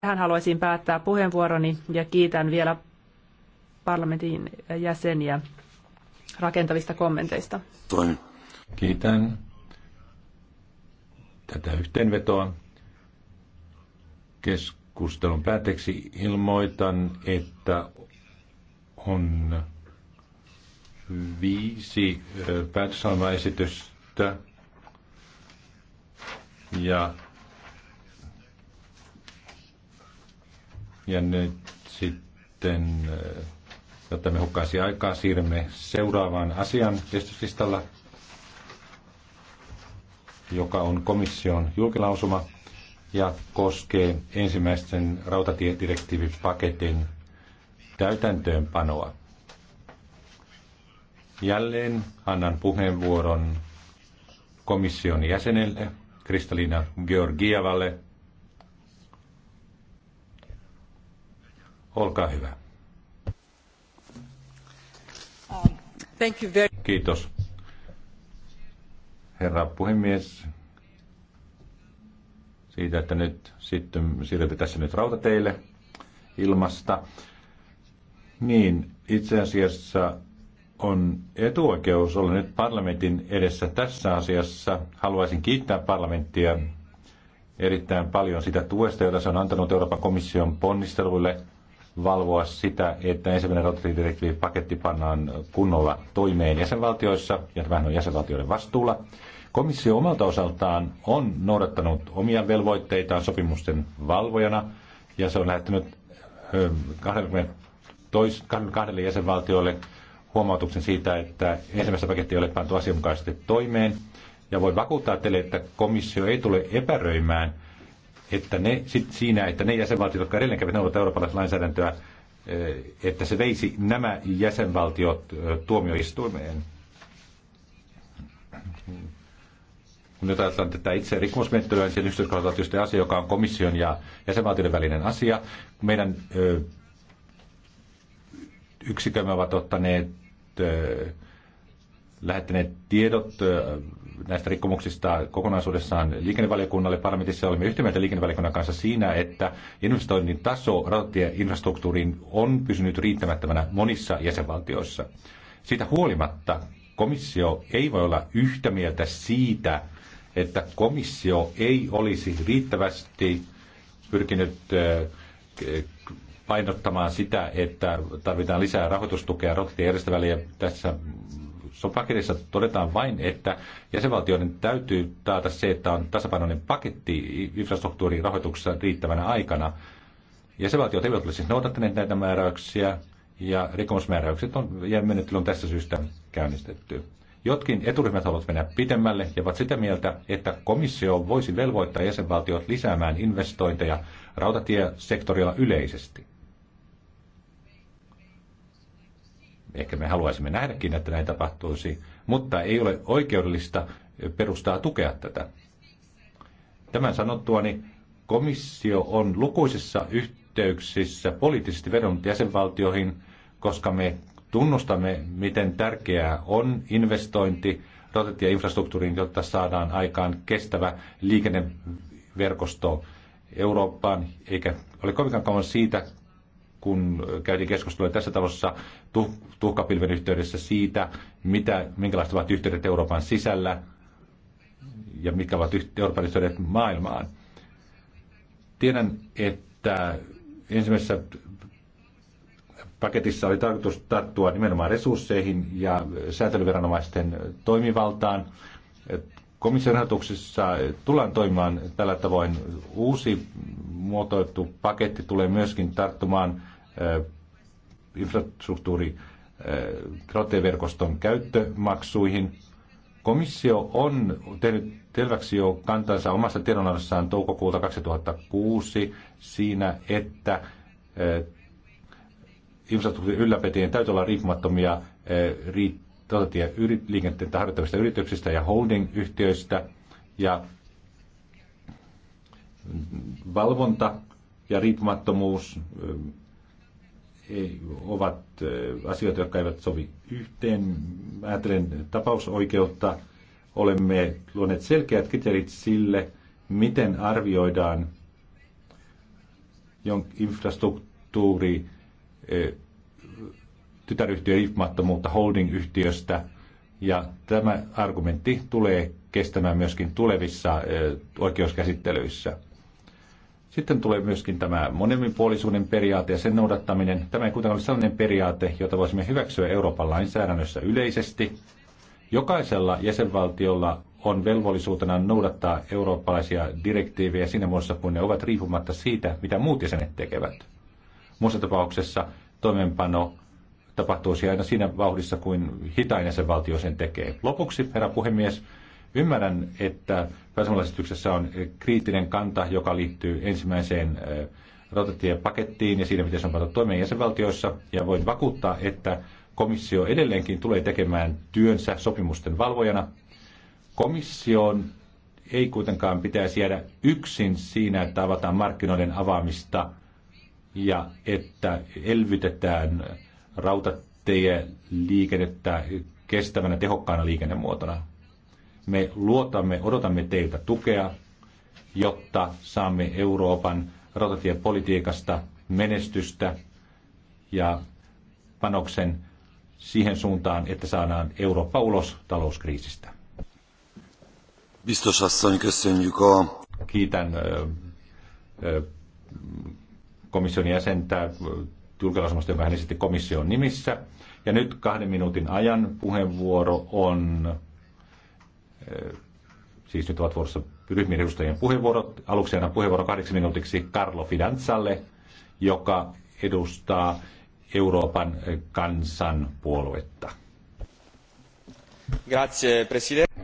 Tähän haluaisin päättää puheenvuoroni ja kiitän vielä parlamentin jäseniä rakentavista kommenteista. Kiitän tätä yhteenvetoa. Keskustelun päätteeksi ilmoitan, että on viisi päätösalmaesitystä ja Ja nyt sitten, äh, jotta me hukkaisi aikaa, siirrymme seuraavaan asian esityslistalla, joka on komission julkilausuma ja koskee ensimmäisten rautatiedirektiivipaketin täytäntöönpanoa. Jälleen annan puheenvuoron komission jäsenelle Kristalina Georgievalle Olkaa hyvä. Thank you very... Kiitos. Herra puhemies, siitä, että nyt sitten siirrytä tässä nyt rautateille ilmasta. Niin, itse asiassa on etuoikeus olla nyt parlamentin edessä tässä asiassa. Haluaisin kiittää parlamenttia erittäin paljon sitä tuesta, jota se on antanut Euroopan komission ponnisteluille valvoa sitä, että ensimmäinen paketti pannaan kunnolla toimeen jäsenvaltioissa, ja tämähän on jäsenvaltioiden vastuulla. Komissio omalta osaltaan on noudattanut omia velvoitteitaan sopimusten valvojana, ja se on lähettänyt 22 jäsenvaltioille huomautuksen siitä, että ensimmäistä pakettia ei ole pantu asianmukaisesti toimeen. Ja voi vakuuttaa teille, että komissio ei tule epäröimään – että ne, sit siinä, että ne jäsenvaltiot, jotka edelleen kävivät neuvotella eurooppalaista lainsäädäntöä, eh, että se veisi nämä jäsenvaltiot eh, tuomioistuimeen. Kun nyt ajatellaan tätä itse rikkomusmenettelyä, niin yksityiskohdalla on asia, joka on komission ja jäsenvaltioiden välinen asia. Meidän eh, yksikömme ovat ottaneet lähettäneet tiedot näistä rikkomuksista kokonaisuudessaan liikennevaliokunnalle parlamentissa. Olemme yhtä mieltä liikennevaliokunnan kanssa siinä, että investoinnin taso rautatieinfrastruktuuriin on pysynyt riittämättömänä monissa jäsenvaltioissa. Siitä huolimatta komissio ei voi olla yhtä mieltä siitä, että komissio ei olisi riittävästi pyrkinyt painottamaan sitä, että tarvitaan lisää rahoitustukea rautatiejärjestelmälle ja tässä paketissa todetaan vain, että jäsenvaltioiden täytyy taata se, että on tasapainoinen paketti infrastruktuurin rahoituksessa riittävänä aikana. Jäsenvaltiot eivät ole siis noudattaneet näitä määräyksiä, ja rikomusmääräykset on, ja menettely on tässä syystä käynnistetty. Jotkin eturyhmät haluavat mennä pitemmälle ja ovat sitä mieltä, että komissio voisi velvoittaa jäsenvaltiot lisäämään investointeja rautatiesektorilla yleisesti. Ehkä me haluaisimme nähdäkin, että näin tapahtuisi, mutta ei ole oikeudellista perustaa tukea tätä. Tämän sanottuani komissio on lukuisissa yhteyksissä poliittisesti vedonnut jäsenvaltioihin, koska me tunnustamme, miten tärkeää on investointi rautatieinfrastruktuuriin, jotta saadaan aikaan kestävä liikenneverkosto Eurooppaan, eikä ole kovinkaan kauan siitä, kun käytiin keskustelua tässä talossa tuh, tuhkapilven yhteydessä siitä, mitä, minkälaiset ovat yhteydet Euroopan sisällä ja mitkä ovat Euroopan yhteydet maailmaan. Tiedän, että ensimmäisessä paketissa oli tarkoitus tarttua nimenomaan resursseihin ja säätelyviranomaisten toimivaltaan komission ehdotuksissa tullaan toimimaan tällä tavoin. Uusi muotoiltu paketti tulee myöskin tarttumaan infrastruktuuri verkoston käyttömaksuihin. Komissio on tehnyt selväksi jo kantansa omassa tiedonannossaan toukokuuta 2006 siinä, että infrastruktuurin ylläpitäjien täytyy olla riippumattomia rautatieliikenteen harjoittavista yrityksistä ja holding-yhtiöistä ja valvonta ja riippumattomuus ovat asioita, jotka eivät sovi yhteen. Ajattelen tapausoikeutta. Olemme luoneet selkeät kriteerit sille, miten arvioidaan infrastruktuuri Tytäryhtiö riippumattomuutta holdingyhtiöstä. Ja tämä argumentti tulee kestämään myöskin tulevissa oikeuskäsittelyissä. Sitten tulee myöskin tämä monemminpuolisuuden periaate ja sen noudattaminen. Tämä ei kuitenkaan ole sellainen periaate, jota voisimme hyväksyä Euroopan lainsäädännössä yleisesti. Jokaisella jäsenvaltiolla on velvollisuutena noudattaa eurooppalaisia direktiivejä siinä muodossa, kun ne ovat riippumatta siitä, mitä muut jäsenet tekevät. Muussa tapauksessa toimeenpano tapahtuisi aina siinä vauhdissa, kuin hitain se valtio sen tekee. Lopuksi, herra puhemies, ymmärrän, että kansalaisityksessä on eh, kriittinen kanta, joka liittyy ensimmäiseen eh, rautatiepakettiin ja siinä, miten se on pantu toimeen jäsenvaltioissa. Ja voin vakuuttaa, että komissio edelleenkin tulee tekemään työnsä sopimusten valvojana. Komission ei kuitenkaan pitäisi jäädä yksin siinä, että avataan markkinoiden avaamista ja että elvytetään rautatie liikennettä kestävänä tehokkaana liikennemuotona. Me luotamme, odotamme teiltä tukea, jotta saamme Euroopan rautatiepolitiikasta menestystä ja panoksen siihen suuntaan, että saadaan Eurooppa ulos talouskriisistä. Kiitän komission jäsentä julkilausumasta, jonka hän esitti komission nimissä. Ja nyt kahden minuutin ajan puheenvuoro on, eh, siis nyt ovat vuorossa ryhmien edustajien puheenvuorot. Aluksi aina puheenvuoro kahdeksi minuutiksi Carlo Fidanzalle, joka edustaa Euroopan eh, kansanpuoluetta. Grazie, presidente.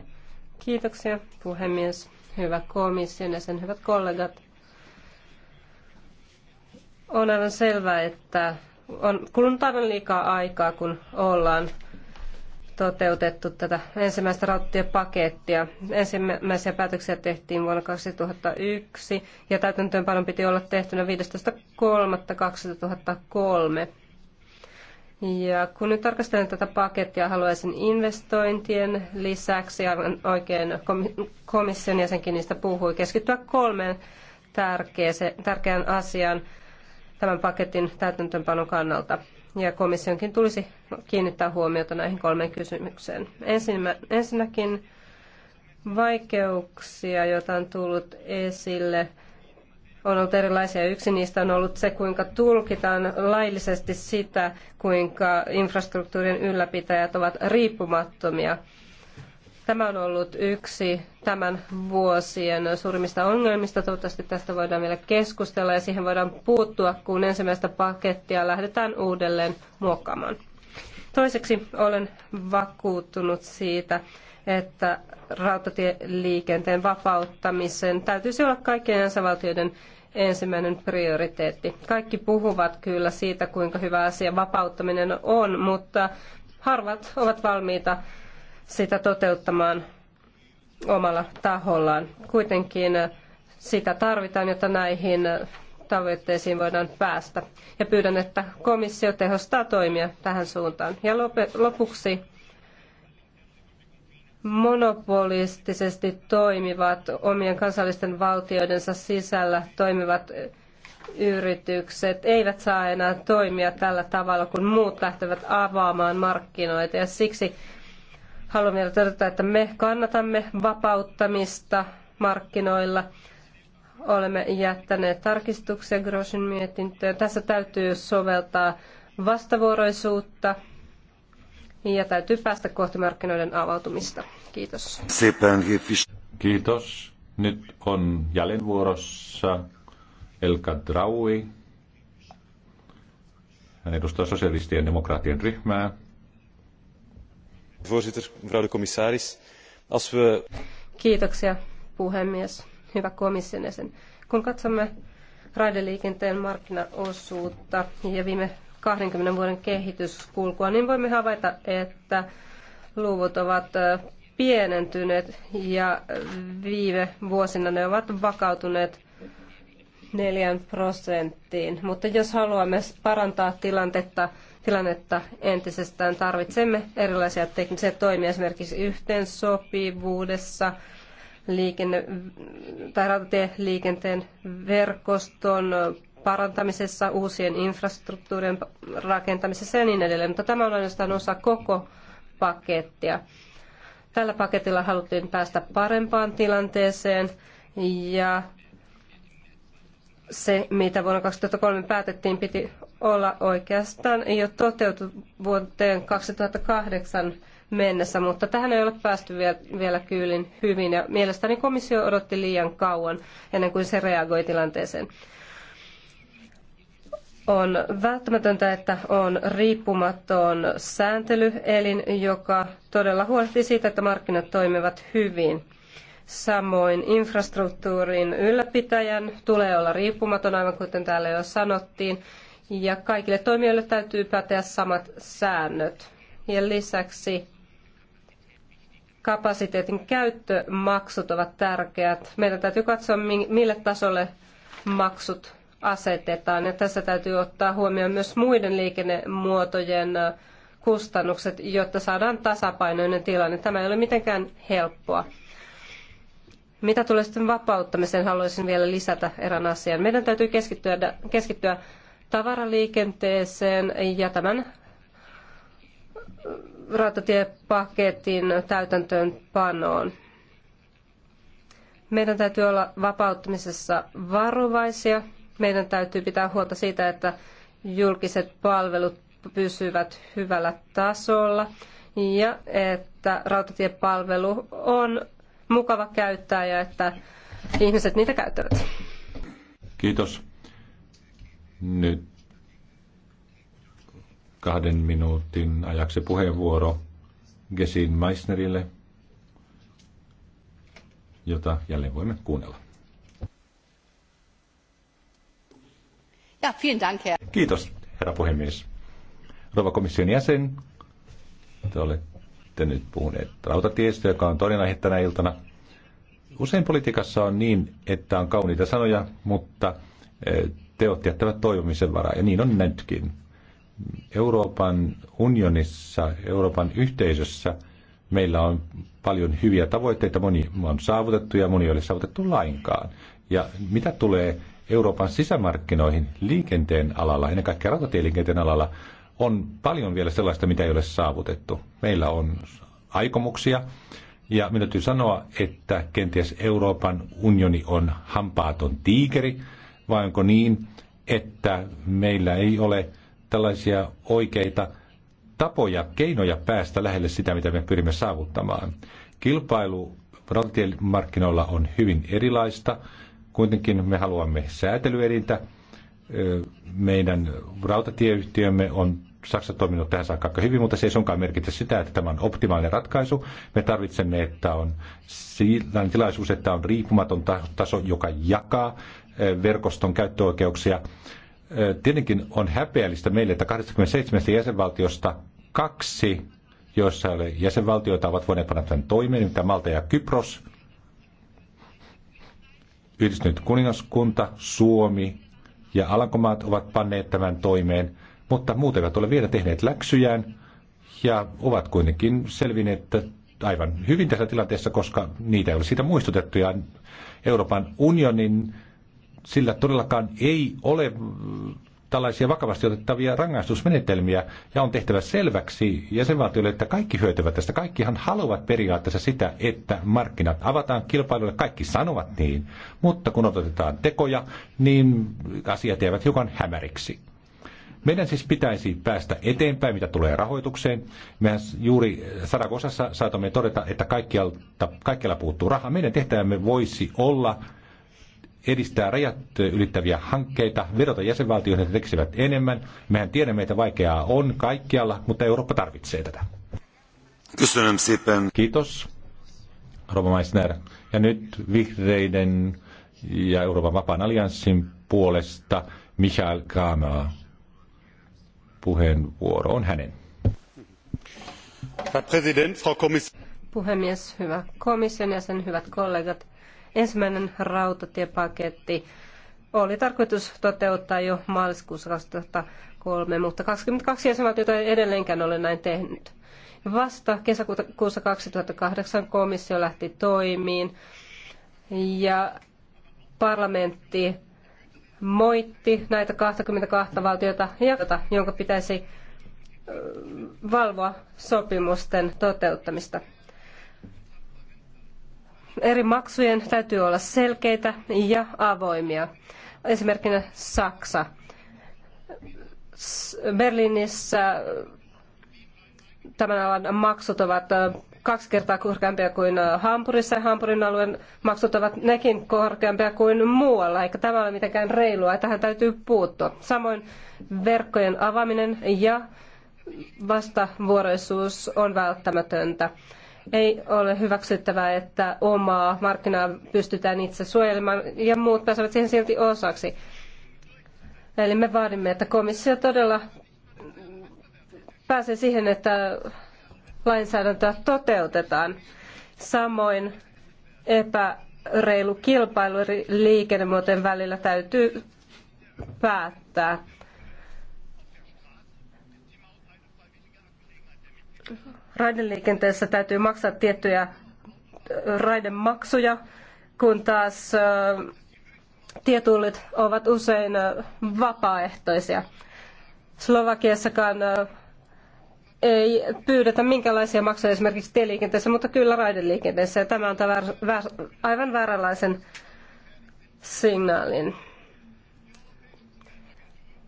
Kiitoksia, puhemies. Hyvä komission ja sen hyvät kollegat. On aivan selvää, että on kulunut aivan liikaa aikaa, kun ollaan toteutettu tätä ensimmäistä rautatiepakettia. Ensimmäisiä päätöksiä tehtiin vuonna 2001 ja täytäntöönpanon piti olla tehtynä 15.3.2003. Ja kun nyt tarkastelen tätä pakettia, haluaisin investointien lisäksi, aivan oikein komission jäsenkin niistä puhui, keskittyä kolmeen tärkeään asiaan, tämän paketin täytäntöönpanon kannalta. Ja komissionkin tulisi kiinnittää huomiota näihin kolmeen kysymykseen. Ensinnäkin vaikeuksia, joita on tullut esille, on ollut erilaisia. Yksi niistä on ollut se, kuinka tulkitaan laillisesti sitä, kuinka infrastruktuurin ylläpitäjät ovat riippumattomia Tämä on ollut yksi tämän vuosien suurimmista ongelmista. Toivottavasti tästä voidaan vielä keskustella ja siihen voidaan puuttua, kun ensimmäistä pakettia lähdetään uudelleen muokkaamaan. Toiseksi olen vakuuttunut siitä, että rautatieliikenteen vapauttamisen täytyisi olla kaikkien jäsenvaltioiden ensimmäinen prioriteetti. Kaikki puhuvat kyllä siitä, kuinka hyvä asia vapauttaminen on, mutta harvat ovat valmiita sitä toteuttamaan omalla tahollaan. Kuitenkin sitä tarvitaan, jotta näihin tavoitteisiin voidaan päästä. Ja pyydän, että komissio tehostaa toimia tähän suuntaan. Ja lopuksi monopolistisesti toimivat, omien kansallisten valtioidensa sisällä toimivat yritykset eivät saa enää toimia tällä tavalla, kun muut lähtevät avaamaan markkinoita. Ja siksi Haluan vielä todeta, että me kannatamme vapauttamista markkinoilla. Olemme jättäneet tarkistuksia Grosin mietintöön. Tässä täytyy soveltaa vastavuoroisuutta ja täytyy päästä kohti markkinoiden avautumista. Kiitos. Kiitos. Nyt on jälleen vuorossa Elka Draui. Hän edustaa sosialistien demokraattien ryhmää. Voorzitter, mevrouw de commissaris, als we... Kiitoksia puhemies, hyvä komission jäsen. Kun katsomme raideliikenteen markkinaosuutta ja viime 20 vuoden kehityskulkua, niin voimme havaita, että luvut ovat pienentyneet ja viime vuosina ne ovat vakautuneet neljän prosenttiin. Mutta jos haluamme parantaa tilannetta tilannetta entisestään. Tarvitsemme erilaisia teknisiä toimia esimerkiksi yhteensopivuudessa, liikenne- tai rautatieliikenteen verkoston parantamisessa, uusien infrastruktuurien rakentamisessa ja niin edelleen. Mutta tämä on ainoastaan osa koko pakettia. Tällä paketilla haluttiin päästä parempaan tilanteeseen ja se, mitä vuonna 2003 päätettiin, piti olla oikeastaan jo toteutu vuoteen 2008 mennessä, mutta tähän ei ole päästy vielä kyylin hyvin ja mielestäni komissio odotti liian kauan ennen kuin se reagoi tilanteeseen. On välttämätöntä, että on riippumaton sääntelyelin, joka todella huolehtii siitä, että markkinat toimivat hyvin. Samoin infrastruktuurin ylläpitäjän tulee olla riippumaton, aivan kuten täällä jo sanottiin, ja kaikille toimijoille täytyy päteä samat säännöt. Ja lisäksi kapasiteetin käyttömaksut ovat tärkeät. Meidän täytyy katsoa, mille tasolle maksut asetetaan. Ja tässä täytyy ottaa huomioon myös muiden liikennemuotojen kustannukset, jotta saadaan tasapainoinen tilanne. Tämä ei ole mitenkään helppoa. Mitä tulee sitten vapauttamiseen, haluaisin vielä lisätä erään asian. Meidän täytyy keskittyä, keskittyä tavaraliikenteeseen ja tämän rautatiepaketin täytäntöönpanoon. Meidän täytyy olla vapauttamisessa varovaisia. Meidän täytyy pitää huolta siitä, että julkiset palvelut pysyvät hyvällä tasolla ja että rautatiepalvelu on mukava käyttää ja että ihmiset niitä käyttävät. Kiitos nyt kahden minuutin ajaksi puheenvuoro Gesin Meissnerille, jota jälleen voimme kuunnella. Ja, vielen dank, herr. Kiitos, herra puhemies. Rova komission jäsen, te olette nyt puhuneet rautatiestä, joka on toinen aihe tänä iltana. Usein politiikassa on niin, että on kauniita sanoja, mutta eh, teot jättävät toivomisen varaa, ja niin on nytkin. Euroopan unionissa, Euroopan yhteisössä meillä on paljon hyviä tavoitteita, moni on saavutettu ja moni ei ole saavutettu lainkaan. Ja mitä tulee Euroopan sisämarkkinoihin liikenteen alalla, ennen kaikkea rautatieliikenteen alalla, on paljon vielä sellaista, mitä ei ole saavutettu. Meillä on aikomuksia, ja minä täytyy sanoa, että kenties Euroopan unioni on hampaaton tiikeri, vai onko niin, että meillä ei ole tällaisia oikeita tapoja, keinoja päästä lähelle sitä, mitä me pyrimme saavuttamaan. Kilpailu rautatiemarkkinoilla on hyvin erilaista. Kuitenkin me haluamme säätelyelintä. Meidän rautatieyhtiömme on Saksa toiminut tähän saakka aika hyvin, mutta se ei suinkaan merkitse sitä, että tämä on optimaalinen ratkaisu. Me tarvitsemme, että on tilaisuus, että on riippumaton taso, joka jakaa verkoston käyttöoikeuksia. Tietenkin on häpeällistä meille, että 27 jäsenvaltiosta kaksi, joissa jäsenvaltioita ovat voineet panna tämän toimeen, tämä Malta ja Kypros, Yhdistynyt kuningaskunta, Suomi ja Alankomaat ovat panneet tämän toimeen, mutta muut eivät ole vielä tehneet läksyjään ja ovat kuitenkin selvinneet aivan hyvin tässä tilanteessa, koska niitä ei ole siitä muistutettu. Ja Euroopan unionin sillä todellakaan ei ole tällaisia vakavasti otettavia rangaistusmenetelmiä, ja on tehtävä selväksi jäsenvaltioille, että kaikki hyötyvät tästä. Kaikkihan haluavat periaatteessa sitä, että markkinat avataan kilpailulle, kaikki sanovat niin, mutta kun otetaan tekoja, niin asiat jäävät hiukan hämäriksi. Meidän siis pitäisi päästä eteenpäin, mitä tulee rahoitukseen. Mehän juuri Saragosassa saatamme todeta, että kaikkialta, kaikkialla puuttuu rahaa. Meidän tehtävämme voisi olla edistää rajat ylittäviä hankkeita, vedota jäsenvaltioihin, että tekisivät enemmän. Mehän tiedämme, että vaikeaa on kaikkialla, mutta Eurooppa tarvitsee tätä. Kiitos, Rova Meissner. Ja nyt vihreiden ja Euroopan vapaan allianssin puolesta Michael Kramer. Puheenvuoro on hänen. Herr Präsident, Frau Puhemies, hyvä komission jäsen, hyvät kollegat. Ensimmäinen rautatiepaketti oli tarkoitus toteuttaa jo maaliskuussa 2003, mutta 22 jäsenvaltiota ei edelleenkään ole näin tehnyt. Vasta kesäkuussa 2008 komissio lähti toimiin ja parlamentti moitti näitä 22 valtiota, jonka pitäisi valvoa sopimusten toteuttamista eri maksujen täytyy olla selkeitä ja avoimia. Esimerkkinä Saksa. Berliinissä tämän alan maksut ovat kaksi kertaa korkeampia kuin Hampurissa. Hampurin alueen maksut ovat nekin korkeampia kuin muualla, eikä tämä ole mitenkään reilua. Ja tähän täytyy puuttua. Samoin verkkojen avaaminen ja vastavuoroisuus on välttämätöntä. Ei ole hyväksyttävää, että omaa markkinaa pystytään itse suojelemaan ja muut pääsevät siihen silti osaksi. Eli me vaadimme, että komissio todella pääsee siihen, että lainsäädäntöä toteutetaan. Samoin epäreilu kilpailu eri liikennemuotojen välillä täytyy päättää raideliikenteessä täytyy maksaa tiettyjä raidemaksuja, kun taas tietullit ovat usein vapaaehtoisia. Slovakiassakaan ei pyydetä minkälaisia maksuja esimerkiksi tieliikenteessä, mutta kyllä raideliikenteessä. Ja tämä antaa aivan vääränlaisen signaalin.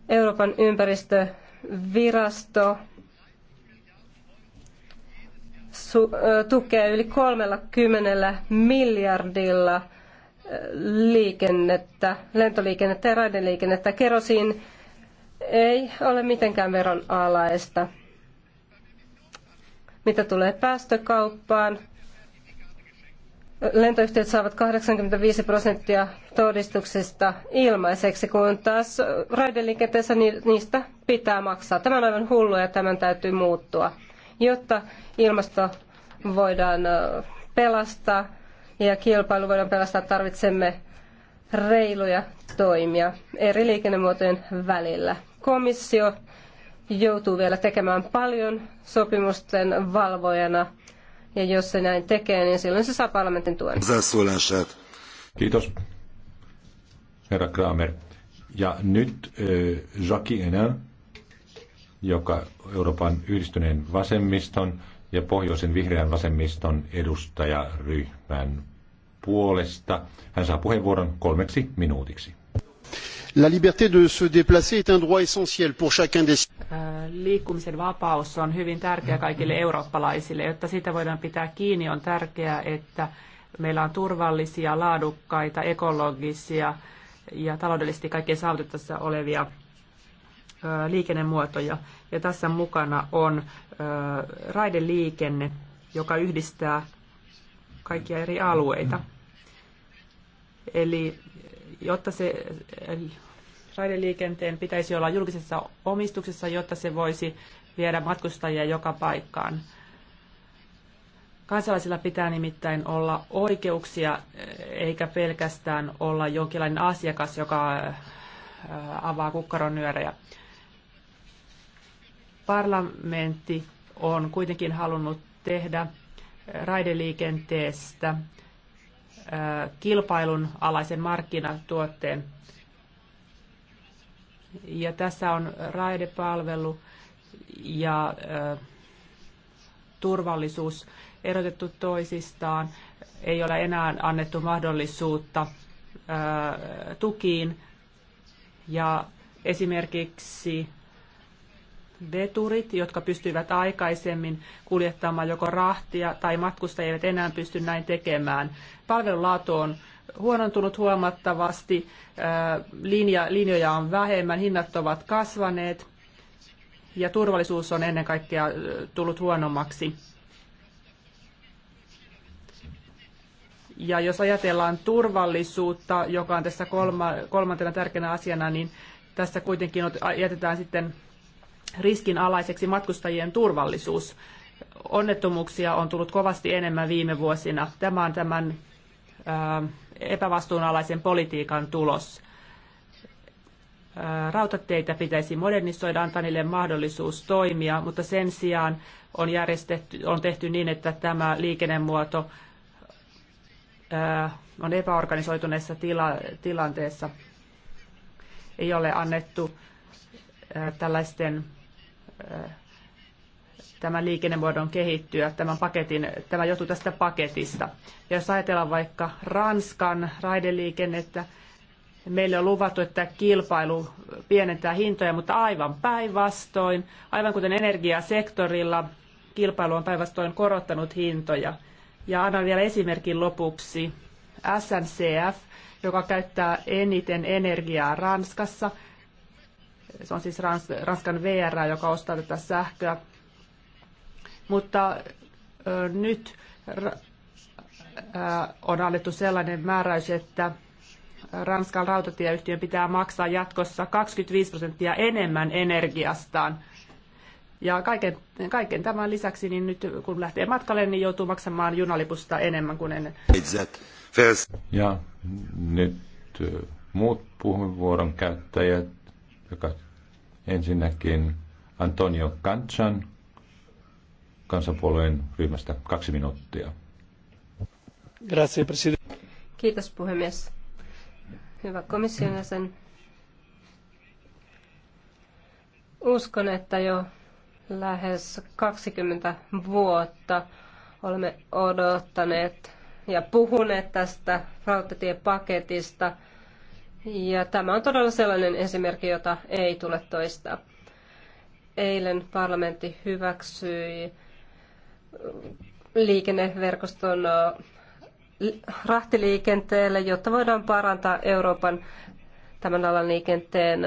Euroopan ympäristövirasto tukee yli 30 miljardilla liikennettä, lentoliikennettä ja raideliikennettä. Kerosiin ei ole mitenkään veron alaista. Mitä tulee päästökauppaan, lentoyhtiöt saavat 85 prosenttia todistuksista ilmaiseksi, kun taas raideliikenteessä niistä pitää maksaa. Tämä on aivan hullua ja tämän täytyy muuttua jotta ilmasto voidaan pelastaa ja kilpailu voidaan pelastaa, tarvitsemme reiluja toimia eri liikennemuotojen välillä. Komissio joutuu vielä tekemään paljon sopimusten valvojana, ja jos se näin tekee, niin silloin se saa parlamentin tuen. Kiitos, herra Kramer. Ja nyt äh, Jacques Enää joka Euroopan yhdistyneen vasemmiston ja pohjoisen vihreän vasemmiston edustajaryhmän puolesta. Hän saa puheenvuoron kolmeksi minuutiksi. La liberté de se déplacer est un droit essentiel pour chacun des... Äh, liikkumisen vapaus on hyvin tärkeä kaikille eurooppalaisille. Jotta sitä voidaan pitää kiinni, on tärkeää, että meillä on turvallisia, laadukkaita, ekologisia ja taloudellisesti kaikkien saavutettavissa olevia liikennemuotoja. Ja tässä mukana on raideliikenne, joka yhdistää kaikkia eri alueita. Eli jotta se raideliikenteen pitäisi olla julkisessa omistuksessa, jotta se voisi viedä matkustajia joka paikkaan. Kansalaisilla pitää nimittäin olla oikeuksia, eikä pelkästään olla jonkinlainen asiakas, joka avaa kukkaronyörejä. nyörejä. Parlamentti on kuitenkin halunnut tehdä raideliikenteestä äh, kilpailun alaisen markkinatuotteen. Ja tässä on raidepalvelu ja äh, turvallisuus erotettu toisistaan. Ei ole enää annettu mahdollisuutta äh, tukiin. Ja esimerkiksi veturit, jotka pystyivät aikaisemmin kuljettamaan joko rahtia tai matkustajia, eivät enää pysty näin tekemään. Palvelulaatu on huonontunut huomattavasti, äh, linja, linjoja on vähemmän, hinnat ovat kasvaneet ja turvallisuus on ennen kaikkea äh, tullut huonommaksi. Ja jos ajatellaan turvallisuutta, joka on tässä kolma, kolmantena tärkeänä asiana, niin tässä kuitenkin jätetään sitten riskinalaiseksi matkustajien turvallisuus. Onnettomuuksia on tullut kovasti enemmän viime vuosina. Tämä on tämän epävastuunalaisen politiikan tulos. Rautateitä pitäisi modernisoida, antaa niille mahdollisuus toimia, mutta sen sijaan on, järjestetty, on tehty niin, että tämä liikennemuoto on epäorganisoituneessa tila, tilanteessa. Ei ole annettu tällaisten tämän liikennemuodon kehittyä, tämän paketin, tämä johtuu tästä paketista. Ja jos ajatellaan vaikka Ranskan raideliikennettä, meille on luvattu, että kilpailu pienentää hintoja, mutta aivan päinvastoin, aivan kuten energiasektorilla, kilpailu on päinvastoin korottanut hintoja. Ja annan vielä esimerkin lopuksi. SNCF, joka käyttää eniten energiaa Ranskassa, se on siis Ranskan VR, joka ostaa tätä sähköä. Mutta nyt on annettu sellainen määräys, että Ranskan rautatieyhtiön pitää maksaa jatkossa 25 prosenttia enemmän energiastaan. Ja kaiken, kaiken tämän lisäksi, niin nyt kun lähtee matkalle, niin joutuu maksamaan junalipusta enemmän kuin ennen. Ja nyt muut puheenvuoron käyttäjät joka ensinnäkin Antonio Kantsan kansanpuolueen ryhmästä kaksi minuuttia. Kiitos puhemies. Hyvä komission jäsen. Uskon, että jo lähes 20 vuotta olemme odottaneet ja puhuneet tästä rautatiepaketista – ja tämä on todella sellainen esimerkki, jota ei tule toistaa. Eilen parlamentti hyväksyi liikenneverkoston rahtiliikenteelle, jotta voidaan parantaa Euroopan tämän alan liikenteen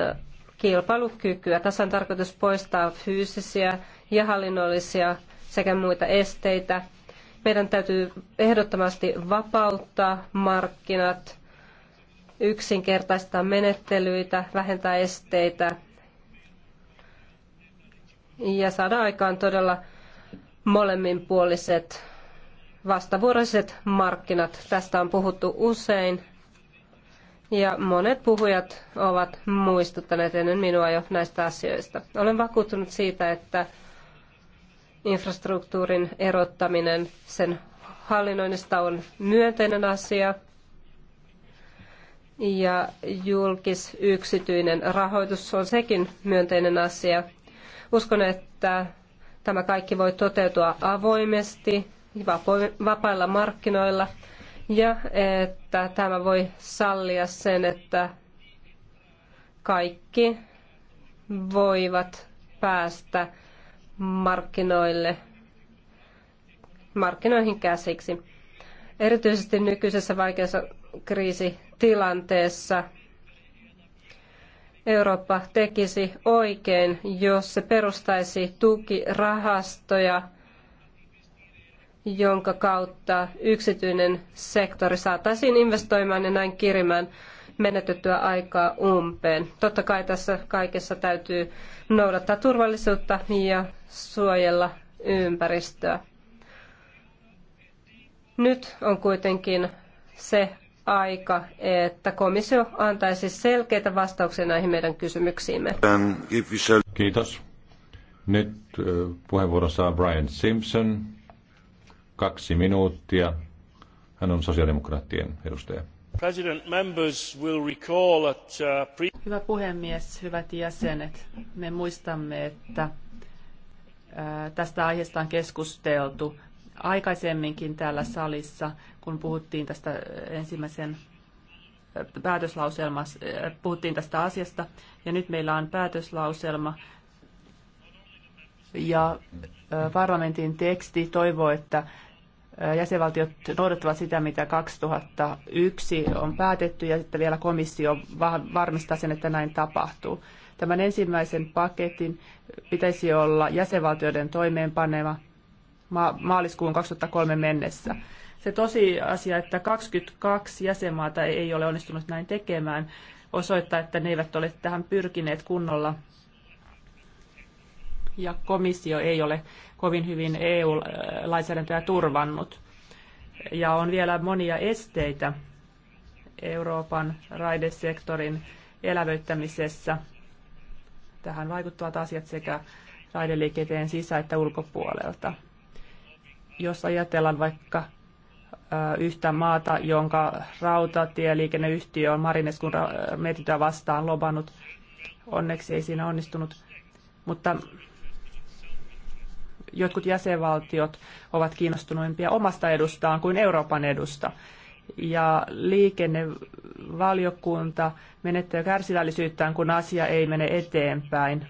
kilpailukykyä. Tässä on tarkoitus poistaa fyysisiä ja hallinnollisia sekä muita esteitä. Meidän täytyy ehdottomasti vapauttaa markkinat yksinkertaistaa menettelyitä, vähentää esteitä ja saada aikaan todella molemminpuoliset vastavuoroiset markkinat. Tästä on puhuttu usein ja monet puhujat ovat muistuttaneet ennen minua jo näistä asioista. Olen vakuuttunut siitä, että infrastruktuurin erottaminen sen hallinnoinnista on myönteinen asia – ja julkis-yksityinen rahoitus on sekin myönteinen asia. Uskon, että tämä kaikki voi toteutua avoimesti, vapailla markkinoilla ja että tämä voi sallia sen, että kaikki voivat päästä markkinoille, markkinoihin käsiksi. Erityisesti nykyisessä vaikeassa kriisi tilanteessa Eurooppa tekisi oikein, jos se perustaisi tukirahastoja, jonka kautta yksityinen sektori saataisiin investoimaan ja näin kirimään menetettyä aikaa umpeen. Totta kai tässä kaikessa täytyy noudattaa turvallisuutta ja suojella ympäristöä. Nyt on kuitenkin se aika, että komissio antaisi selkeitä vastauksia näihin meidän kysymyksiimme. Kiitos. Nyt puheenvuoron saa Brian Simpson. Kaksi minuuttia. Hän on sosiaalidemokraattien edustaja. Uh, Hyvä puhemies, hyvät jäsenet. Me muistamme, että tästä aiheesta on keskusteltu aikaisemminkin täällä salissa, kun puhuttiin tästä ensimmäisen äh, päätöslauselmas, äh, puhuttiin tästä asiasta, ja nyt meillä on päätöslauselma, ja äh, parlamentin teksti toivoo, että jäsenvaltiot noudattavat sitä, mitä 2001 on päätetty, ja sitten vielä komissio varmistaa sen, että näin tapahtuu. Tämän ensimmäisen paketin pitäisi olla jäsenvaltioiden toimeenpanema – ma- maaliskuun 2003 mennessä. Se tosi asia, että 22 jäsenmaata ei ole onnistunut näin tekemään, osoittaa, että ne eivät ole tähän pyrkineet kunnolla. Ja komissio ei ole kovin hyvin EU-lainsäädäntöä turvannut. Ja on vielä monia esteitä Euroopan raidesektorin elävöittämisessä. Tähän vaikuttavat asiat sekä raideliikenteen sisä- että ulkopuolelta. Jos ajatellaan vaikka yhtä maata, jonka rautatieliikenneyhtiö on Marineskun mietintöä vastaan lobannut. Onneksi ei siinä onnistunut. Mutta jotkut jäsenvaltiot ovat kiinnostuneimpia omasta edustaan kuin Euroopan edusta. Ja liikennevaliokunta menettää kärsivällisyyttään, kun asia ei mene eteenpäin.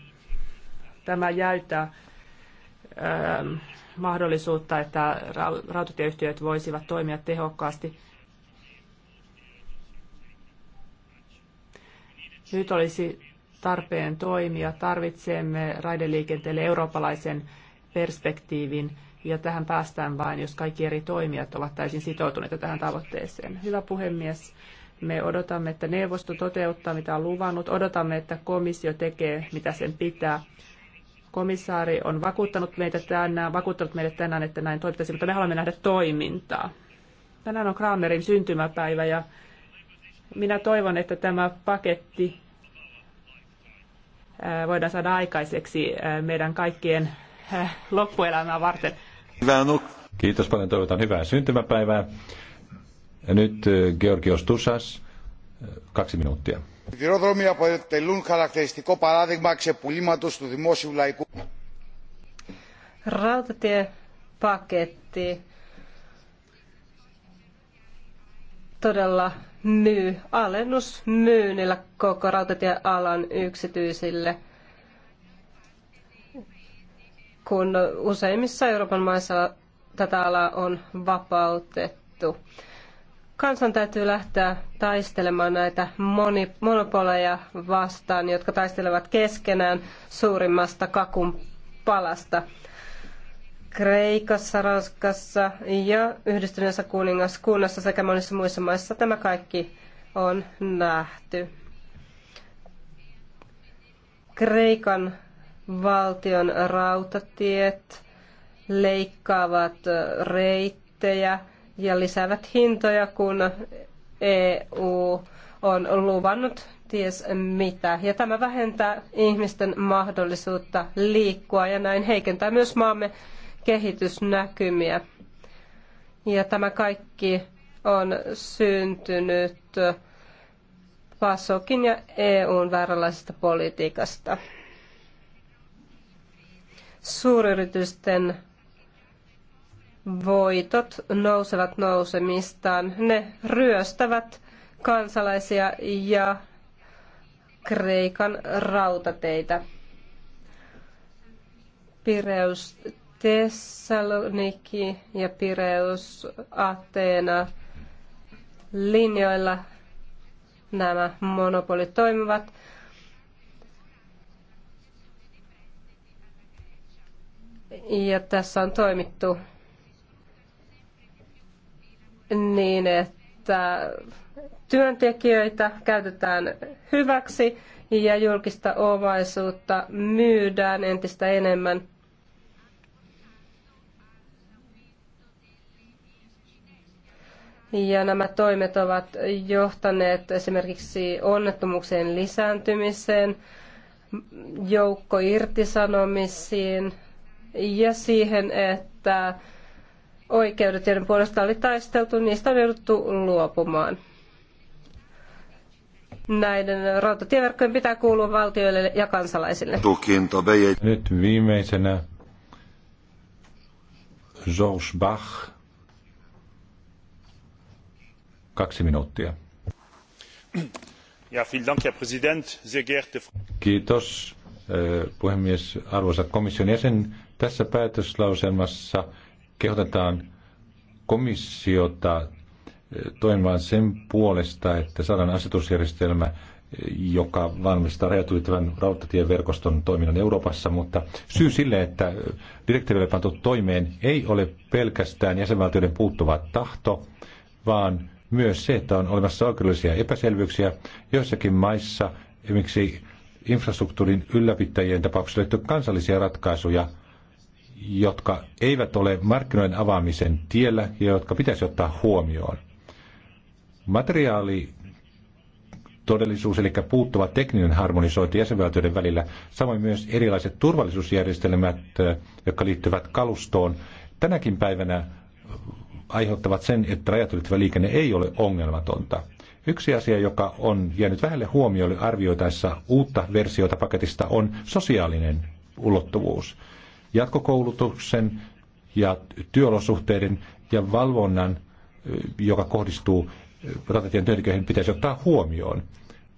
Tämä jäytää mahdollisuutta, että rautatieyhtiöt voisivat toimia tehokkaasti. Nyt olisi tarpeen toimia. Tarvitsemme raideliikenteelle eurooppalaisen perspektiivin ja tähän päästään vain, jos kaikki eri toimijat ovat täysin sitoutuneita tähän tavoitteeseen. Hyvä puhemies, me odotamme, että neuvosto toteuttaa, mitä on luvannut. Odotamme, että komissio tekee, mitä sen pitää. Komissaari on vakuuttanut meitä tänään, vakuuttanut meille tänään, että näin toimittaisiin, mutta me haluamme nähdä toimintaa. Tänään on Kramerin syntymäpäivä ja minä toivon, että tämä paketti voidaan saada aikaiseksi meidän kaikkien loppuelämää varten. Hyvää nuk- Kiitos paljon, toivotan hyvää syntymäpäivää. Ja nyt Georgios Tusas, kaksi minuuttia οι σιδηρόδρομοι αποτελούν χαρακτηριστικό παράδειγμα ξεπουλήματος του δημόσιου λαϊκού. todella myy myynnillä koko rautatiealan yksityisille kun useimmissa Euroopan maissa tätä alaa on vapautettu. Kansan täytyy lähteä taistelemaan näitä moni, monopoleja vastaan, jotka taistelevat keskenään suurimmasta kakun palasta. Kreikassa, Ranskassa ja yhdistyneessä kuningaskunnassa sekä monissa muissa maissa tämä kaikki on nähty. Kreikan valtion rautatiet leikkaavat reittejä, ja lisäävät hintoja, kun EU on luvannut ties mitä. Ja tämä vähentää ihmisten mahdollisuutta liikkua ja näin heikentää myös maamme kehitysnäkymiä. Ja tämä kaikki on syntynyt PASOKin ja EUn vääränlaisesta politiikasta. Suuryritysten voitot nousevat nousemistaan. Ne ryöstävät kansalaisia ja Kreikan rautateitä. Pireus Thessaloniki ja Pireus Ateena linjoilla nämä monopolit toimivat. Ja tässä on toimittu niin, että työntekijöitä käytetään hyväksi ja julkista omaisuutta myydään entistä enemmän. Ja nämä toimet ovat johtaneet esimerkiksi onnettomuuksien lisääntymiseen, joukko irtisanomisiin ja siihen, että oikeudet, joiden puolesta oli taisteltu, niistä on jouduttu luopumaan. Näiden rautatieverkkojen pitää kuulua valtioille ja kansalaisille. Nyt viimeisenä Georges Bach. Kaksi minuuttia. Ja, Dank, geehrte... Kiitos, äh, puhemies, arvoisa komission jäsen. Tässä päätöslauselmassa kehotetaan komissiota eh, toimimaan sen puolesta, että saadaan asetusjärjestelmä, eh, joka varmistaa rajat ylittävän rautatieverkoston toiminnan Euroopassa, mutta syy sille, että eh, direktiiville pantu toimeen ei ole pelkästään jäsenvaltioiden puuttuva tahto, vaan myös se, että on olemassa oikeudellisia epäselvyyksiä joissakin maissa, esimerkiksi infrastruktuurin ylläpitäjien tapauksessa löytyy kansallisia ratkaisuja – jotka eivät ole markkinoiden avaamisen tiellä ja jotka pitäisi ottaa huomioon. Materiaali todellisuus, eli puuttuva tekninen harmonisointi jäsenvaltioiden välillä, samoin myös erilaiset turvallisuusjärjestelmät, jotka liittyvät kalustoon, tänäkin päivänä aiheuttavat sen, että rajat ylittävä liikenne ei ole ongelmatonta. Yksi asia, joka on jäänyt vähälle huomiolle arvioitaessa uutta versiota paketista, on sosiaalinen ulottuvuus jatkokoulutuksen ja työolosuhteiden ja valvonnan, joka kohdistuu ratatien työntekijöihin, pitäisi ottaa huomioon.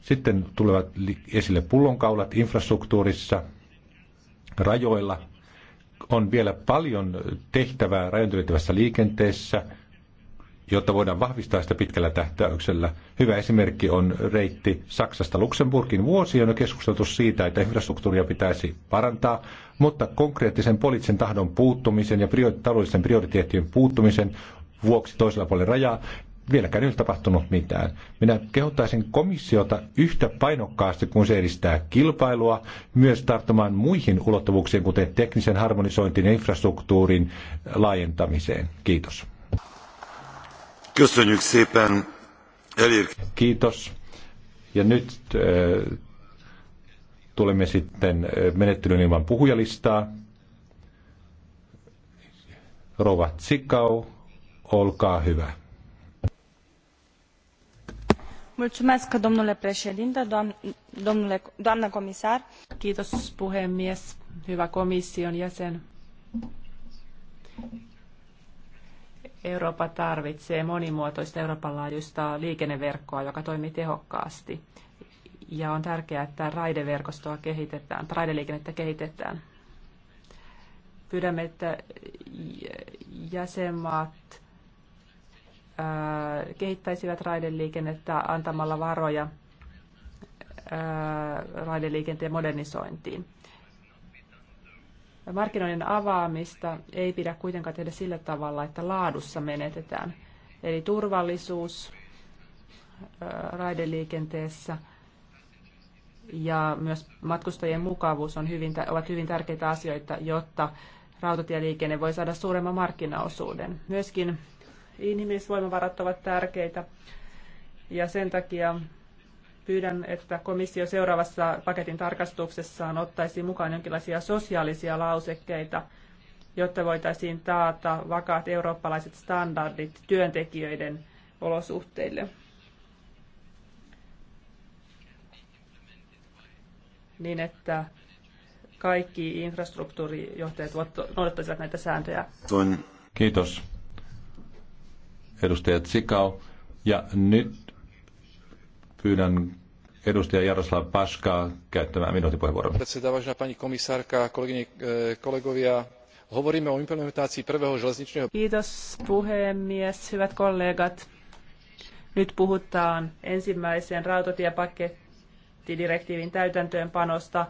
Sitten tulevat esille pullonkaulat infrastruktuurissa, rajoilla. On vielä paljon tehtävää rajoitettavassa liikenteessä – jotta voidaan vahvistaa sitä pitkällä tähtäyksellä. Hyvä esimerkki on reitti Saksasta Luxemburgin. vuosi on keskusteltu siitä, että infrastruktuuria pitäisi parantaa, mutta konkreettisen poliittisen tahdon puuttumisen ja priori- taloudellisten prioriteettien puuttumisen vuoksi toisella puolella rajaa vieläkään ei ole tapahtunut mitään. Minä kehottaisin komissiota yhtä painokkaasti, kun se edistää kilpailua, myös tarttumaan muihin ulottuvuuksiin, kuten teknisen harmonisointiin ja infrastruktuurin laajentamiseen. Kiitos. Kiitos. Ja nyt äh, tulemme sitten menettelyyn ilman puhujalistaa. Rova Tsikau, olkaa hyvä. Mulțumesc, domnule președinte, domnule, doamnă comisar. Kiitos, puhemies. Hyvä komission jäsen. Eurooppa tarvitsee monimuotoista Euroopan laajuista liikenneverkkoa, joka toimii tehokkaasti. Ja on tärkeää, että raideverkostoa kehitetään, raideliikennettä kehitetään. Pyydämme, että jäsenmaat kehittäisivät raideliikennettä antamalla varoja raideliikenteen modernisointiin. Markkinoiden avaamista ei pidä kuitenkaan tehdä sillä tavalla, että laadussa menetetään. Eli turvallisuus raideliikenteessä ja myös matkustajien mukavuus on hyvin, ovat hyvin tärkeitä asioita, jotta rautatieliikenne voi saada suuremman markkinaosuuden. Myöskin inhimillisvoimavarat ovat tärkeitä ja sen takia Pyydän, että komissio seuraavassa paketin tarkastuksessaan ottaisi mukaan jonkinlaisia sosiaalisia lausekkeita, jotta voitaisiin taata vakaat eurooppalaiset standardit työntekijöiden olosuhteille. Niin, että kaikki infrastruktuurijohtajat noudattaisivat näitä sääntöjä. Kiitos. Edustajat Sikau. Ja nyt pyydän edustaja Jaroslav Paskaa käyttämään minuutin puheenvuoron. pani komisárka, kolegyne, eh, kolegovia, hovoríme o implementácii prvého železničného... Kiitos puhemies, hyvät kollegat. Nyt puhutaan ensimmäisen rautatiepakettidirektiivin täytäntöönpanosta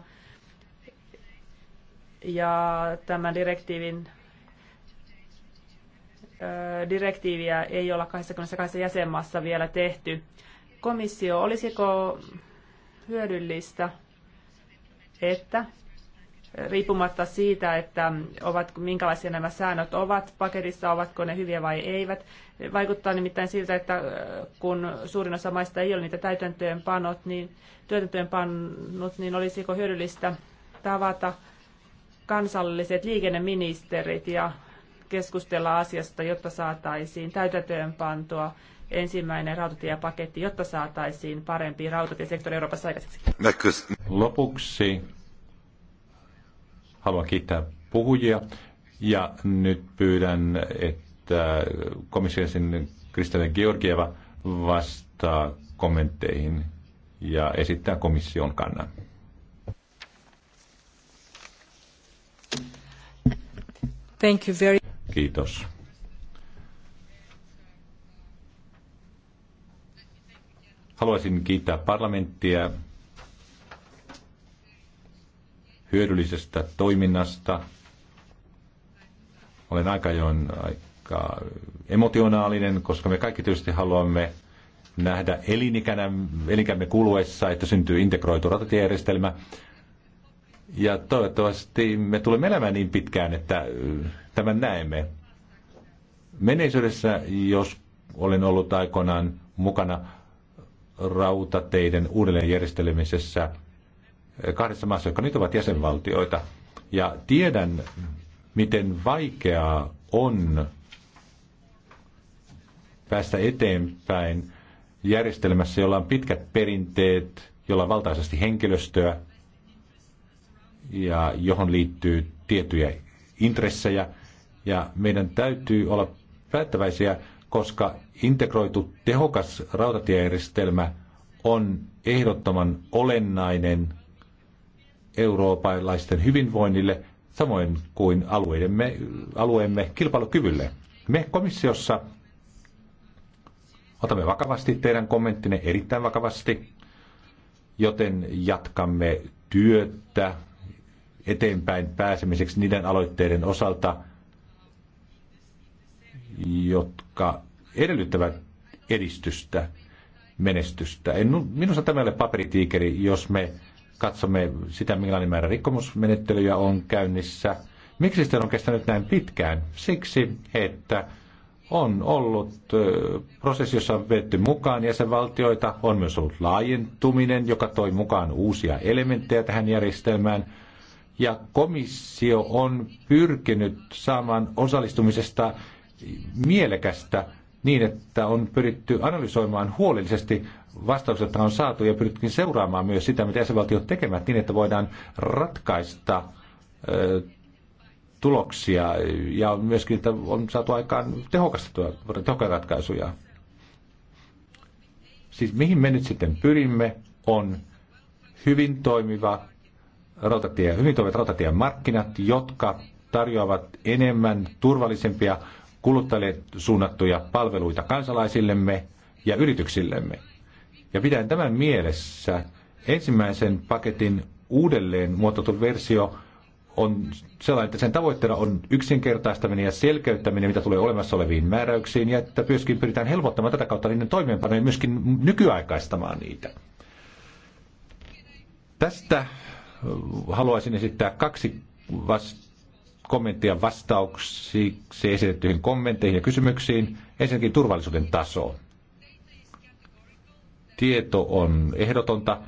ja tämän direktiivin eh, direktiiviä ei olla 22 jäsenmaassa vielä tehty komissio, olisiko hyödyllistä, että riippumatta siitä, että ovat, minkälaisia nämä säännöt ovat paketissa, ovatko ne hyviä vai eivät. Vaikuttaa nimittäin siltä, että äh, kun suurin osa maista ei ole niitä panot, niin, pannut, niin olisiko hyödyllistä tavata kansalliset liikenneministerit ja keskustella asiasta, jotta saataisiin pantua ensimmäinen rautatiepaketti, jotta saataisiin parempi rautatiesektori Euroopassa aikaiseksi. Lopuksi haluan kiittää puhujia ja nyt pyydän, että komission Kristalina Georgieva vastaa kommentteihin ja esittää komission kannan. Thank you very... Kiitos. Haluaisin kiittää parlamenttia hyödyllisestä toiminnasta. Olen aika ajoin aika emotionaalinen, koska me kaikki tietysti haluamme nähdä elinikänä, elinikämme kuluessa, että syntyy integroitu ratatiejärjestelmä. Ja toivottavasti me tulemme elämään niin pitkään, että tämän näemme. Menneisyydessä, jos olen ollut aikoinaan mukana rautateiden uudelleenjärjestelemisessä kahdessa maassa, jotka nyt ovat jäsenvaltioita. Ja tiedän, miten vaikeaa on päästä eteenpäin järjestelmässä, jolla on pitkät perinteet, jolla on valtaisesti henkilöstöä ja johon liittyy tiettyjä intressejä. Ja meidän täytyy olla päättäväisiä koska integroitu tehokas rautatiejärjestelmä on ehdottoman olennainen eurooppalaisten hyvinvoinnille, samoin kuin alueemme, alueemme kilpailukyvylle. Me komissiossa otamme vakavasti teidän kommenttinne erittäin vakavasti, joten jatkamme työtä eteenpäin pääsemiseksi niiden aloitteiden osalta – jotka edellyttävät edistystä, menestystä. En, minusta tämä ei ole paperitiikeri, jos me katsomme sitä, millainen määrä rikkomusmenettelyjä on käynnissä. Miksi sitä on kestänyt näin pitkään? Siksi, että on ollut prosessi, jossa on vetty mukaan jäsenvaltioita, on myös ollut laajentuminen, joka toi mukaan uusia elementtejä tähän järjestelmään. Ja komissio on pyrkinyt saamaan osallistumisesta mielekästä niin, että on pyritty analysoimaan huolellisesti vastaukset, jotka on saatu, ja pyrittykin seuraamaan myös sitä, mitä jäsenvaltiot tekevät, niin että voidaan ratkaista ö, tuloksia, ja myöskin, että on saatu aikaan tehokasta, tehokkaita ratkaisuja. Siis mihin me nyt sitten pyrimme, on hyvin toimiva rautatie, hyvin toimivat rautatiemarkkinat, jotka tarjoavat enemmän turvallisempia kuluttajille suunnattuja palveluita kansalaisillemme ja yrityksillemme. Ja pidän tämän mielessä ensimmäisen paketin uudelleen muotoiltu versio on sellainen, että sen tavoitteena on yksinkertaistaminen ja selkeyttäminen, mitä tulee olemassa oleviin määräyksiin, ja että myöskin pyritään helpottamaan tätä kautta niiden toimeenpanoja ja myöskin nykyaikaistamaan niitä. Tästä haluaisin esittää kaksi vast- kommenttia vastauksiksi esitettyihin kommentteihin ja kysymyksiin. Ensinnäkin turvallisuuden taso. Tieto on ehdotonta.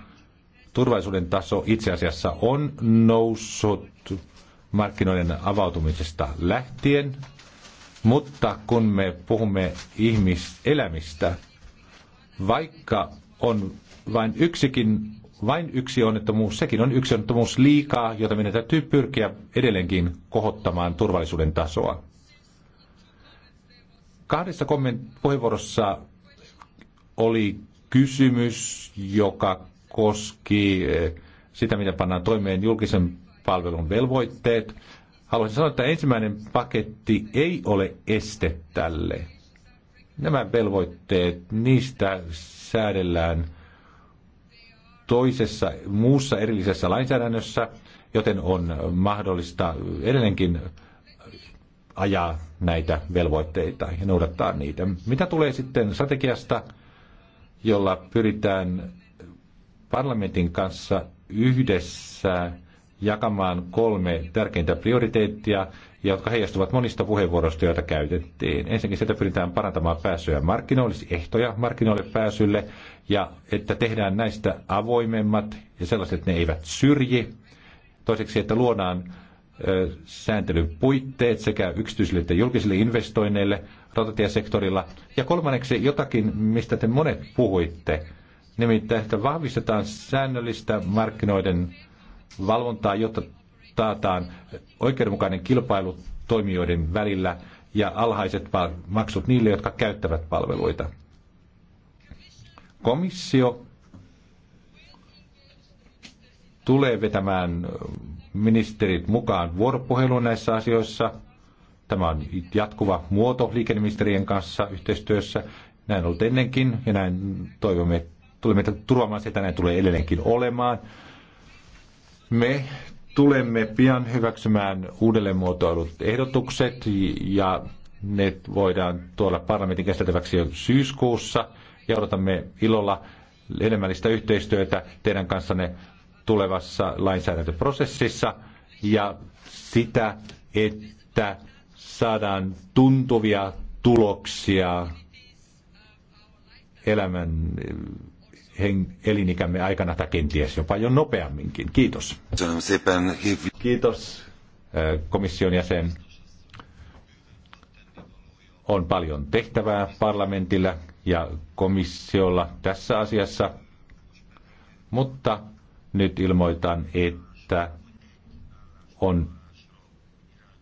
Turvallisuuden taso itse asiassa on noussut markkinoiden avautumisesta lähtien, mutta kun me puhumme ihmiselämistä, vaikka on vain yksikin vain yksi onnettomuus, sekin on yksi onnettomuus liikaa, jota meidän täytyy pyrkiä edelleenkin kohottamaan turvallisuuden tasoa. Kahdessa puheenvuorossa oli kysymys, joka koski eh, sitä, mitä pannaan toimeen julkisen palvelun velvoitteet. Haluaisin sanoa, että ensimmäinen paketti ei ole este tälle. Nämä velvoitteet, niistä säädellään – toisessa muussa erillisessä lainsäädännössä, joten on mahdollista edelleenkin ajaa näitä velvoitteita ja noudattaa niitä. Mitä tulee sitten strategiasta, jolla pyritään parlamentin kanssa yhdessä jakamaan kolme tärkeintä prioriteettia, jotka heijastuvat monista puheenvuoroista, joita käytettiin. Ensinnäkin sieltä pyritään parantamaan pääsyä markkinoille, siis ehtoja markkinoille pääsylle, ja että tehdään näistä avoimemmat ja sellaiset, että ne eivät syrji. Toiseksi, että luodaan sääntelyn puitteet sekä yksityisille että julkisille investoinneille rautatiesektorilla. Ja kolmanneksi jotakin, mistä te monet puhuitte, nimittäin, että vahvistetaan säännöllistä markkinoiden valvontaa, jotta taataan oikeudenmukainen kilpailu toimijoiden välillä ja alhaiset maksut niille, jotka käyttävät palveluita. Komissio tulee vetämään ministerit mukaan vuoropuheluun näissä asioissa. Tämä on jatkuva muoto liikenneministerien kanssa yhteistyössä. Näin on ollut ennenkin ja näin toivomme, tulemme turvaamaan sitä, näin tulee edelleenkin olemaan. Me tulemme pian hyväksymään uudelleenmuotoilut ehdotukset ja ne voidaan tuolla parlamentin käsiteltäväksi jo syyskuussa ja odotamme ilolla enemmällistä yhteistyötä teidän kanssanne tulevassa lainsäädäntöprosessissa ja sitä, että saadaan tuntuvia tuloksia elämän elinikämme aikana tai kenties jopa jo nopeamminkin. Kiitos. Kiitos äh, komission jäsen. On paljon tehtävää parlamentilla ja komissiolla tässä asiassa, mutta nyt ilmoitan, että on